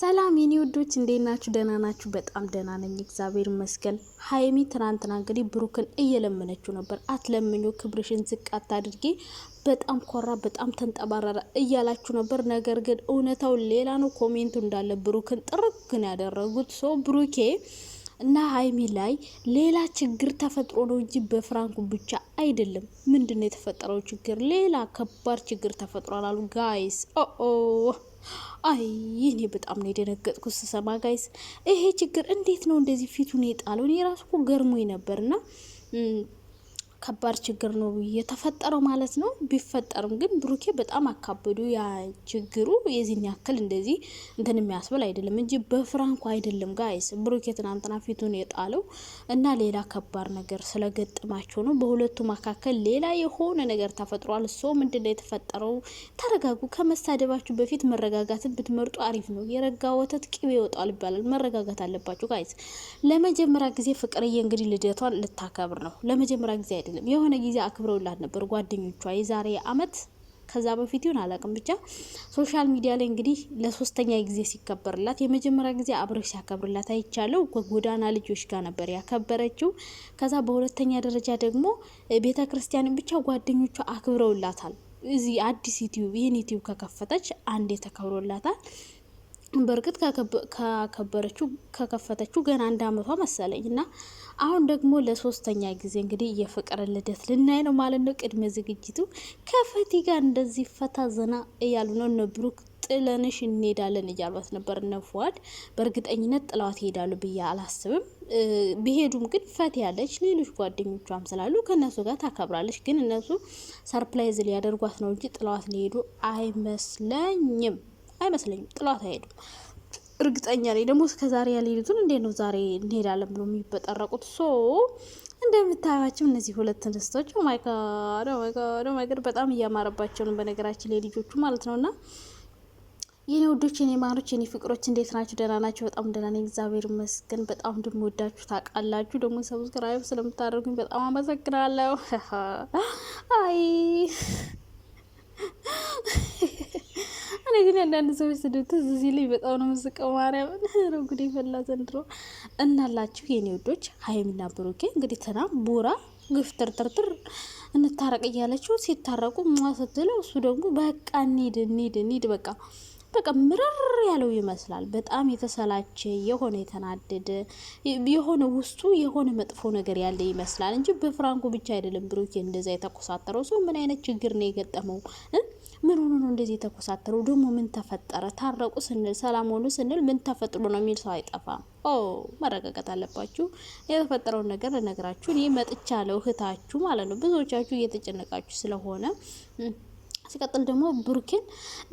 ሰላም የኔ ውዶች እንዴት ናችሁ? ደህና ናችሁ? በጣም ደህና ነኝ እግዚአብሔር ይመስገን። ሀይሚ ትናንትና እንግዲህ ብሩክን እየለመነችው ነበር። አትለምኞ፣ ክብርሽን ዝቅ አታድርጌ፣ በጣም ኮራ፣ በጣም ተንጠባራራ እያላችሁ ነበር። ነገር ግን እውነታው ሌላ ነው። ኮሜንቱ እንዳለ ብሩክን ጥርግን ያደረጉት ሰው ብሩኬ እና ሀይሚ ላይ ሌላ ችግር ተፈጥሮ ነው እንጂ በፍራንኩ ብቻ አይደለም። ምንድን ነው የተፈጠረው ችግር? ሌላ ከባድ ችግር ተፈጥሯል አሉ ጋይስ ኦ አይ እኔ በጣም ነው የደነገጥኩ ስሰማ ጋይስ። ይሄ ችግር እንዴት ነው እንደዚህ ፊቱን የጣለው? እኔ ራሱ ገርሞኝ ነበርና ከባድ ችግር ነው የተፈጠረው ማለት ነው። ቢፈጠርም ግን ብሩኬ በጣም አካበዱ። ያ ችግሩ የዚህን ያክል እንደዚህ እንትን የሚያስብል አይደለም እንጂ በፍራንኩ አይደለም ጋይስ። ብሩኬ ትናንትና ፊቱን የጣለው እና ሌላ ከባድ ነገር ስለገጠማቸው ነው። በሁለቱ መካከል ሌላ የሆነ ነገር ተፈጥሯል። እሶ ምንድን ነው የተፈጠረው? ተረጋጉ። ከመሳደባችሁ በፊት መረጋጋትን ብትመርጡ አሪፍ ነው። የረጋ ወተት ቅቤ ይወጣል ይባላል። መረጋጋት አለባችሁ ጋይስ። ለመጀመሪያ ጊዜ ፍቅርዬ እንግዲህ ልደቷን ልታከብር ነው። ለመጀመሪያ ጊዜ አይደለም አይደለም። የሆነ ጊዜ አክብረውላት ነበር ጓደኞቿ የዛሬ አመት ከዛ በፊት ይሁን አላውቅም። ብቻ ሶሻል ሚዲያ ላይ እንግዲህ ለሶስተኛ ጊዜ ሲከበርላት፣ የመጀመሪያ ጊዜ አብረሽ ሲያከብርላት አይቻለው። ከጎዳና ልጆች ጋር ነበር ያከበረችው። ከዛ በሁለተኛ ደረጃ ደግሞ ቤተ ክርስቲያንን ብቻ ጓደኞቿ አክብረውላታል። እዚህ አዲስ ዩቲዩብ ይህን ዩቲዩብ ከከፈተች አንዴ ተከብሮላታል። በእርግጥ ካከበረችው ከከፈተችው ገና አንድ አመቷ መሰለኝ እና አሁን ደግሞ ለሶስተኛ ጊዜ እንግዲህ የፍቅር ልደት ልናይ ነው ማለት ነው። ቅድመ ዝግጅቱ ከፈቲ ጋር እንደዚህ ፈታ ዘና እያሉ ነው እነ ብሩክ ጥለንሽ እንሄዳለን እያሏት ነበር እነ በእርግጠኝነት ጥለዋት ይሄዳሉ ብዬ አላስብም። ቢሄዱም ግን ፈት ያለች ሌሎች ጓደኞቿም ስላሉ ከእነሱ ጋር ታከብራለች። ግን እነሱ ሰርፕራይዝ ሊያደርጓት ነው እንጂ ጥለዋት ሊሄዱ አይመስለኝም። አይመስለኝም። ጥሏት አይሄዱ እርግጠኛ ነኝ። ደግሞ ዛሬ ያልሄዱትን እንዴት ነው ዛሬ እንሄዳለን ብሎ የሚበጠረቁት? ሶ እንደምታያቸው እነዚህ ሁለት እንስቶች ማይካዶ በጣም እያማረባቸው ነው። በነገራችን ላይ ልጆቹ ማለት ነው እና የኔ ውዶች የኔ ማሮች የኔ ፍቅሮች እንዴት ናቸው? ደህና ናቸው? በጣም ደህና ነኝ፣ እግዚአብሔር ይመስገን። በጣም እንደምወዳችሁ ታውቃላችሁ። ደግሞ ሰብስክራይብ ስለምታደርጉኝ በጣም አመሰግናለሁ። አይ እኔ ግን አንዳንድ ሰዎች ስድብት እዚህ ላይ በጣም ነው የምስቀው። ማርያምን ነው ጉድ ይፈላ ዘንድሮ እናላችሁ የኔ ወዶች ሀይሚና ብሩኬ እንግዲህ ትና ቡራ ግፍ ትርትርትር እንታረቅ እያለችው ሲታረቁ ስትለው እሱ ደግሞ በቃ እንሂድ እንሂድ እንሂድ በቃ በቃ ምርር ያለው ይመስላል። በጣም የተሰላቸ የሆነ የተናደደ የሆነ ውስጡ የሆነ መጥፎ ነገር ያለ ይመስላል እንጂ በፍራንኩ ብቻ አይደለም ብሩኬ እንደዛ የተቆሳጠረው ሰው ምን አይነት ችግር ነው የገጠመው? ምን ሆኖ ነው እንደዚህ የተኮሳተረው ደግሞ ምን ተፈጠረ? ታረቁ ስንል ሰላም ሆኑ ስንል ምን ተፈጥሮ ነው የሚል ሰው አይጠፋም። ኦ መረጋጋት አለባችሁ። የተፈጠረውን ነገር ልነግራችሁ እኔ መጥቻለሁ፣ እህታችሁ ማለት ነው። ብዙዎቻችሁ እየተጨነቃችሁ ስለሆነ ሲቀጥል ደግሞ ብሩኬን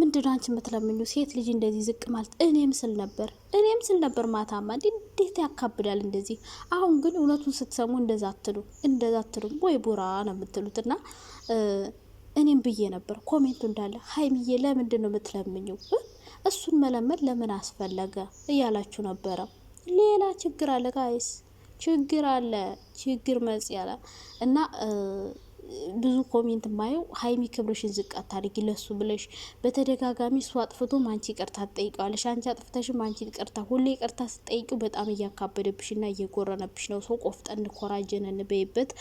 ምንድን አንቺ የምትለምኙ ሴት ልጅ እንደዚህ ዝቅ ማለት እኔም ስል ነበር እኔም ስል ነበር ማታማ እንዴት ያካብዳል እንደዚህ አሁን ግን እውነቱን ስትሰሙ እንደዛ አትሉ እንደዛ ወይ ቡራ ነው የምትሉትና እኔም ብዬ ነበር ኮሜንቱ እንዳለ ሀይሚዬ ለምንድን ነው የምትለምኘው? እሱን መለመን ለምን አስፈለገ እያላችሁ ነበረ። ሌላ ችግር አለ ጋይስ፣ ችግር አለ፣ ችግር መጽ ያለ እና ብዙ ኮሜንት ማየው ሀይሚ ክብርሽን ዝቅ አታድርጊ ለሱ ብለሽ በተደጋጋሚ እሱ አጥፍቶ ማንቺ ይቅርታ ትጠይቀዋለሽ። አንቺ አጥፍተሽ ማንቺ ይቅርታ ሁሌ ይቅርታ ስጠይቂው በጣም እያካበደብሽ ና እየጎረነብሽ ነው። ሰው ቆፍጠን ኮራጀን እንበይበት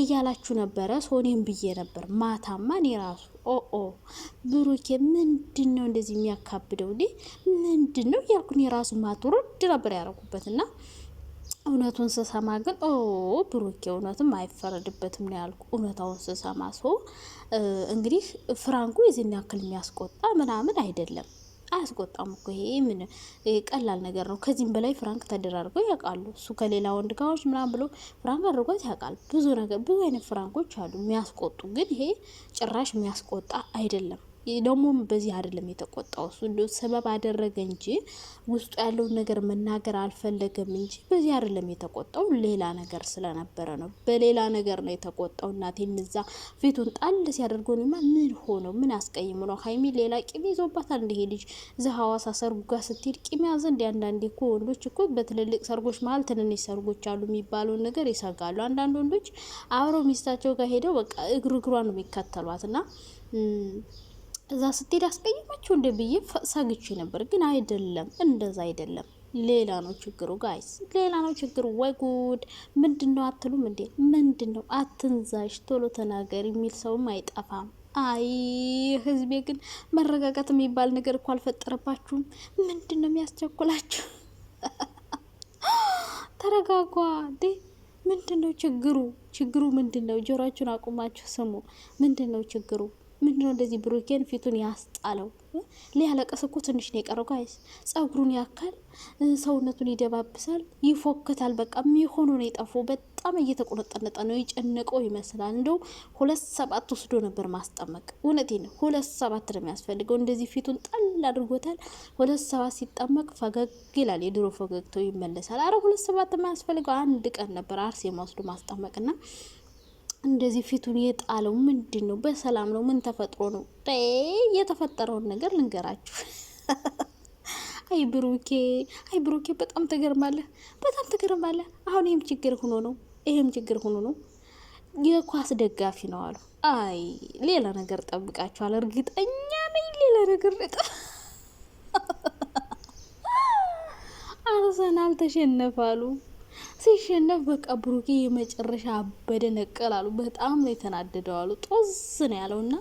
እያላችሁ ነበረ። ሶኔም ብዬ ነበር ማታማ እኔ ራሱ ኦኦ ብሩኬ ምንድን ነው እንደዚህ የሚያካብደው እንዴ? ምንድን ነው እያልኩ እኔ ራሱ ማቱሮ ነበር ያደረጉበት ና እውነቱን ስሰማ ግን ብሩኬ እውነትም አይፈረድበትም ነው ያልኩ። እውነታውን ስሰማ ሰው እንግዲህ ፍራንኩ የዚህን ያክል የሚያስቆጣ ምናምን አይደለም። አያስቆጣም እኮ ይሄ ምን ቀላል ነገር ነው። ከዚህም በላይ ፍራንክ ተደራርገው ያውቃሉ። እሱ ከሌላ ወንድ ጋዎች ምናምን ብሎ ፍራንክ አድርጓት ያውቃል። ብዙ ነገር ብዙ አይነት ፍራንኮች አሉ የሚያስቆጡ፣ ግን ይሄ ጭራሽ የሚያስቆጣ አይደለም። ደግሞ በዚህ አይደለም የተቆጣው እሱ እንደ ሰበብ አደረገ እንጂ ውስጡ ያለውን ነገር መናገር አልፈለገም እንጂ በዚህ አይደለም የተቆጣው፣ ሌላ ነገር ስለነበረ ነው። በሌላ ነገር ነው የተቆጣው። እናቴ እንዛ ፊቱን ጣል ሲያደርገው እኔማ ምን ሆኖ ምን አስቀይም ነው? ሀይሚ ሌላ ቂም ይዞባታል። እንዲሄ ልጅ እዛ ሀዋሳ ሰርጉ ጋር ስትሄድ ቂም ያዘ። እንዲ አንዳንዴ እኮ ወንዶች እኮ በትልልቅ ሰርጎች መሀል ትንንሽ ሰርጎች አሉ የሚባለውን ነገር ይሰጋሉ። አንዳንድ ወንዶች አብረው ሚስታቸው ጋር ሄደው በቃ እግር እግሯ ነው የሚከተሏት እና እዛ ስትሄድ አስቀየማችሁ እንደ ብዬ ሰግቼ ነበር፣ ግን አይደለም፣ እንደዛ አይደለም። ሌላ ነው ችግሩ፣ ጋይስ ሌላ ነው ችግሩ። ወይ ጉድ! ምንድን ነው አትሉም እንዴ? ምንድን ነው አትንዛሽ፣ ቶሎ ተናገር የሚል ሰውም አይጠፋም። አይ ህዝቤ ግን መረጋጋት የሚባል ነገር እኮ አልፈጠረባችሁም። ምንድን ነው የሚያስቸኩላችሁ? ተረጋጓ ዴ ምንድን ነው ችግሩ? ችግሩ ምንድን ነው? ጆሮአችሁን አቁማችሁ ስሙ። ምንድን ነው ችግሩ? ምንድነው እንደዚህ ብሩኬን ፊቱን ያስጣለው? ሊያለቀስ እኮ ትንሽ ነው የቀረው። ጋይስ ጸጉሩን ያካል፣ ሰውነቱን ይደባብሳል፣ ይፎክታል። በቃ የሚሆኑ ነው የጠፋው። በጣም እየተቆነጠነጠ ነው፣ የጨነቀው ይመስላል። እንደው ሁለት ሰባት ወስዶ ነበር ማስጠመቅ። እውነቴ ነው፣ ሁለት ሰባት ነው የሚያስፈልገው። እንደዚህ ፊቱን ጠል አድርጎታል። ሁለት ሰባት ሲጠመቅ ፈገግ ይላል፣ የድሮ ፈገግታው ይመለሳል። አረ ሁለት ሰባት የማያስፈልገው አንድ ቀን ነበር አርሴማ ወስዶ ማስጠመቅና እንደዚህ ፊቱን የጣለው ምንድን ነው? በሰላም ነው? ምን ተፈጥሮ ነው? የተፈጠረውን ነገር ልንገራችሁ። አይ ብሩኬ፣ አይ ብሩኬ፣ በጣም ትገርማለህ፣ በጣም ትገርማለህ። አሁን ይህም ችግር ሆኖ ነው፣ ይህም ችግር ሆኖ ነው። የኳስ ደጋፊ ነው አሉ። አይ ሌላ ነገር ጠብቃችኋል፣ እርግጠኛ ነኝ ሌላ ነገር ነጠ አርሰናል ተሸነፋሉ። ሲሸነፍ በቃ ብሩኬ የመጨረሻ አበደ ነቀል አሉ። በጣም ነው የተናደደው አሉ። ጦዝ ነው ያለው እና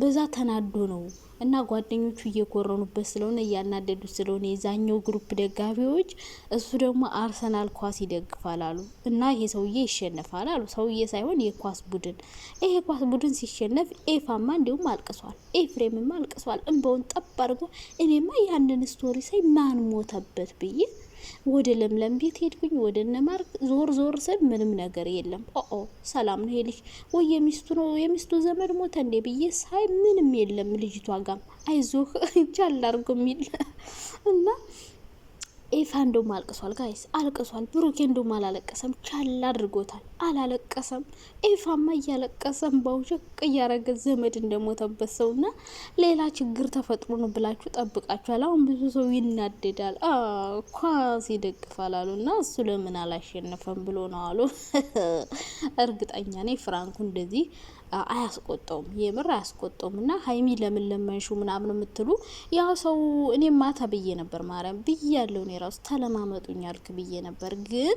በዛ ተናዶ ነው እና ጓደኞቹ እየጎረኑበት ስለሆነ እያናደዱት ስለሆነ የዛኛው ግሩፕ ደጋፊዎች፣ እሱ ደግሞ አርሰናል ኳስ ይደግፋል አሉ እና ይሄ ሰውዬ ይሸነፋል አሉ። ሰውዬ ሳይሆን የኳስ ቡድን ይሄ ኳስ ቡድን ሲሸነፍ ኤፋማ እንዲሁም አልቅሷል፣ ኤፍሬምማ አልቅሷል። እንበውን ጠብ አድርጎ እኔማ ያንን ስቶሪ ሳይ ማን ሞተበት ብዬ ወደ ለምለም ቤት ሄድኩኝ። ወደ እነማርክ ዞር ዞር ስል ምንም ነገር የለም። ኦ ሰላም ነው ይሄ ወይ የሚስቱ ነው የሚስቱ ዘመድ ሞተ እንዴ ብዬ ሳይ ምንም የለም ልጅቷ ጋም አይዞህ እጃ አላርጎ የሚል እና ኤፋ እንደውም አልቅሷል፣ ጋይስ አልቅሷል። ብሩኬ እንደውም አላለቀሰም፣ ቻል አድርጎታል፣ አላለቀሰም። ኤፋማ እያለቀሰም ባውሸቅ እያረገ ዘመድ እንደሞተበት ሰው ና ሌላ ችግር ተፈጥሮ ነው ብላችሁ ጠብቃችኋል። አሁን ብዙ ሰው ይናደዳል፣ ኳስ ይደግፋል አሉ እና እሱ ለምን አላሸነፈም ብሎ ነው አሉ። እርግጠኛ ነኝ ፍራንኩ እንደዚህ አያስቆጠውም፣ የምር አያስቆጠውም። እና ሀይሚ ለምን ለመንሹ ምናምን የምትሉ ያው ሰው እኔ ማታ ብዬ ነበር ማርያም ብዬ ያለው እኔ ራሱ ተለማመጡኝ አልክ ብዬ ነበር ግን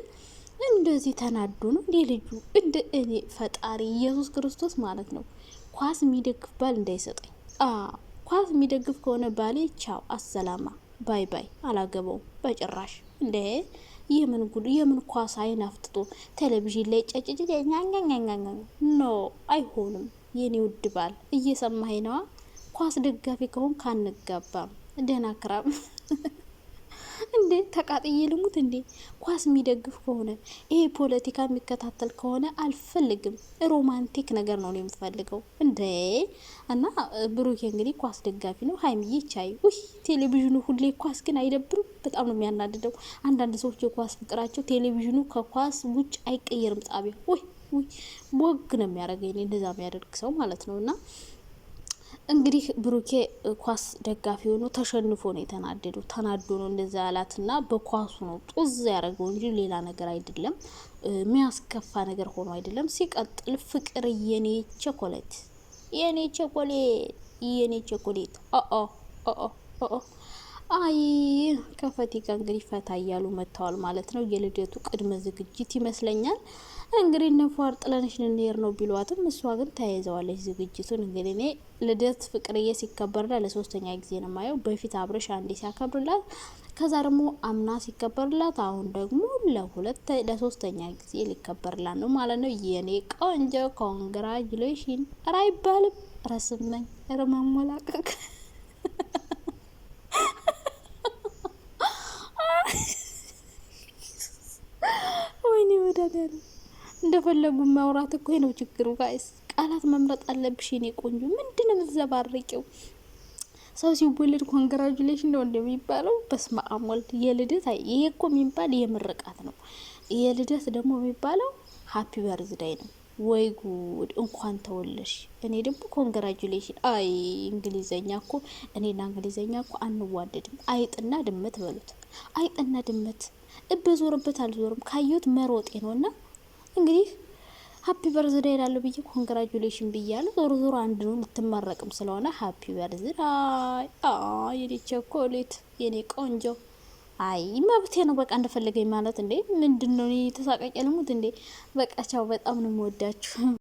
እንደዚህ ተናዱ ነው እንዴ ልጁ? እንደ እኔ ፈጣሪ ኢየሱስ ክርስቶስ ማለት ነው። ኳስ የሚደግፍ ባል እንዳይሰጠኝ። ኳስ የሚደግፍ ከሆነ ባሌ ቻው፣ አሰላማ፣ ባይ ባይ፣ አላገባውም በጭራሽ እንዴ የምን ጉድ የምን ኳስ አይን አፍጥጦ ቴሌቪዥን ላይ ጨጭጭኛኛኛኛ ኖ አይሆንም። የኔ ውድ ባል እየሰማኸኝ ነዋ? ኳስ ደጋፊ ከሆን ካንጋባም ደህና ክራም እንዴ ተቃጥዬ ልሙት እንዴ? ኳስ የሚደግፍ ከሆነ ይሄ ፖለቲካ የሚከታተል ከሆነ አልፈልግም። ሮማንቲክ ነገር ነው የምፈልገው እንዴ። እና ብሩኬ እንግዲህ ኳስ ደጋፊ ነው። ሀይሚዬ ቻይ ውይ፣ ቴሌቪዥኑ ሁሌ ኳስ ግን አይደብርም። በጣም ነው የሚያናድደው። አንዳንድ ሰዎች የኳስ ፍቅራቸው ቴሌቪዥኑ ከኳስ ውጭ አይቀየርም ጣቢያ። ውይ ውይ፣ ቦግ ነው የሚያደርገኝ እንደዛ የሚያደርግ ሰው ማለት ነው እና እንግዲህ ብሩኬ ኳስ ደጋፊ ሆኖ ተሸንፎ ነው የተናደዱ። ተናዶ ነው ያላት ያላትና በኳሱ ነው ጡዝ ያደረገው እንጂ ሌላ ነገር አይደለም። የሚያስከፋ ነገር ሆኖ አይደለም። ሲቀጥል ፍቅር የኔ ቸኮሌት፣ የኔ ቸኮሌት፣ የኔ ቸኮሌት አይ ከፈቲ ጋር እንግዲህ ፈታ እያሉ መጥተዋል ማለት ነው። የልደቱ ቅድመ ዝግጅት ይመስለኛል። እንግዲህ እንፏር ጥለንሽ ልንሄድ ነው ቢሏትም እሷ ግን ተያይዘዋለች ዝግጅቱን። እንግዲህ እኔ ልደት ፍቅርዬ ሲከበርላት ለሶስተኛ ጊዜ ነው ማየው። በፊት አብረሽ አንዴ ሲያከብርላት፣ ከዛ ደግሞ አምና ሲከበርላት፣ አሁን ደግሞ ለሁለት ለሶስተኛ ጊዜ ሊከበርላት ነው ማለት ነው። የኔ ቆንጆ ኮንግራጁሌሽን! ኧረ አይባልም ረስመኝ ረማሞላቀቅ እንደፈለጉ መውራት እኮ ነው ችግሩ። ጋይስ ቃላት መምረጥ አለብሽ የኔ ቆንጆ። ምንድን ነው የምትዘባርቂው? ሰው ሲወለድ ኮንግራጁሌሽን ነው እንደሚባለው። በስመ አብ ወልድ የልደት ይሄ እኮ የሚባል የምርቃት ነው። የልደት ደግሞ የሚባለው ሀፒ በርዝዳይ ነው። ወይ ጉድ! እንኳን ተወለሽ። እኔ ደግሞ ኮንግራጁሌሽን። አይ እንግሊዘኛ እኮ እኔና እንግሊዘኛ እኮ አንዋደድም። አይጥና ድመት በሉት። አይጥና ድመት እበዞርበት አልዞርም ካየሁት መሮጤ ነውና እንግዲህ ሀፒ በርዝዴ ይላሉ ብዬ ኮንግራጁሌሽን ብያለ። ዞሮ ዞሮ አንድ ነው፣ ልትመረቅም ስለሆነ ሀፒ በርዝዴ። አይ የኔ ቸኮሌት የኔ ቆንጆ፣ አይ መብቴ ነው በቃ እንደፈለገኝ ማለት እንዴ! ምንድን ነው ተሳቀቄ ልሙት እንዴ! በቃ ቻው፣ በጣም ነው የምወዳችሁ።